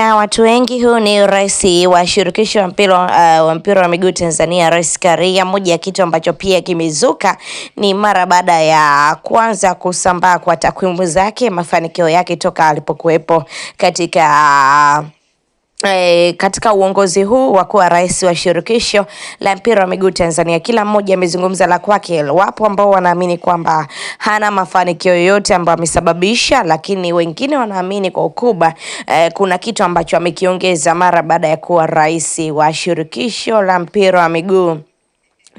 Tanzania watu wengi, huu ni rais wa shirikisho wa mpira uh, wa mpira wa miguu Tanzania, Rais Karia. Moja ya kitu ambacho pia kimezuka ni mara baada ya kwanza kusambaa kwa takwimu zake, mafanikio yake toka alipokuwepo katika uh, E, katika uongozi huu wa kuwa rais wa shirikisho la mpira wa miguu Tanzania, kila mmoja amezungumza la kwake. Wapo ambao wanaamini kwamba hana mafanikio yoyote ambayo amesababisha, lakini wengine wanaamini kwa ukubwa e, kuna kitu ambacho amekiongeza mara baada ya kuwa rais wa shirikisho la mpira wa miguu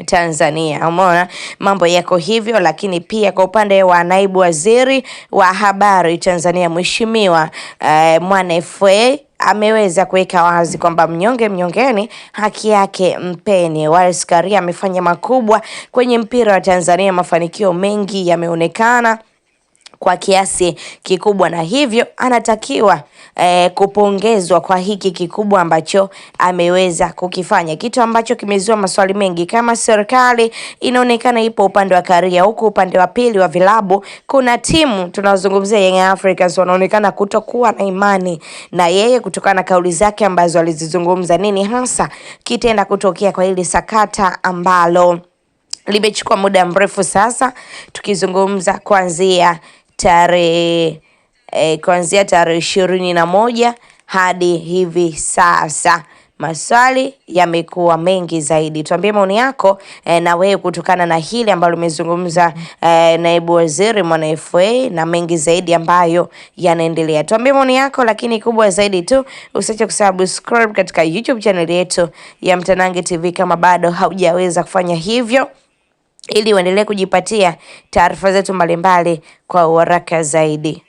Tanzania. Umeona mambo yako hivyo, lakini pia kwa upande wa naibu waziri wa habari Tanzania Mheshimiwa e, eh, Mwana FA ameweza kuweka wazi kwamba mnyonge mnyongeni, haki yake mpeni. Wallace Karia amefanya makubwa kwenye mpira wa Tanzania, mafanikio mengi yameonekana kwa kiasi kikubwa, na hivyo anatakiwa eh, kupongezwa kwa hiki kikubwa ambacho ameweza kukifanya, kitu ambacho kimezua maswali mengi, kama serikali inaonekana ipo upande wa Karia, huku upande wa pili wa vilabu kuna timu tunazungumzia Young Africans wanaonekana kutokuwa na imani na yeye kutokana na kauli zake ambazo alizizungumza. Nini hasa kitenda kutokea kwa hili sakata ambalo limechukua muda mrefu sasa tukizungumza kuanzia tarehe eh, kuanzia tarehe ishirini na moja hadi hivi sasa. Maswali yamekuwa mengi zaidi. Tuambie maoni yako e, na wewe kutokana na hili ambalo umezungumza e, naibu waziri Mwana FA na mengi zaidi ambayo yanaendelea. Tuambie maoni yako, lakini kubwa zaidi tu usiache kusubscribe katika YouTube channel yetu ya Mtanange TV kama bado haujaweza kufanya hivyo ili uendelee kujipatia taarifa zetu mbalimbali kwa uharaka zaidi.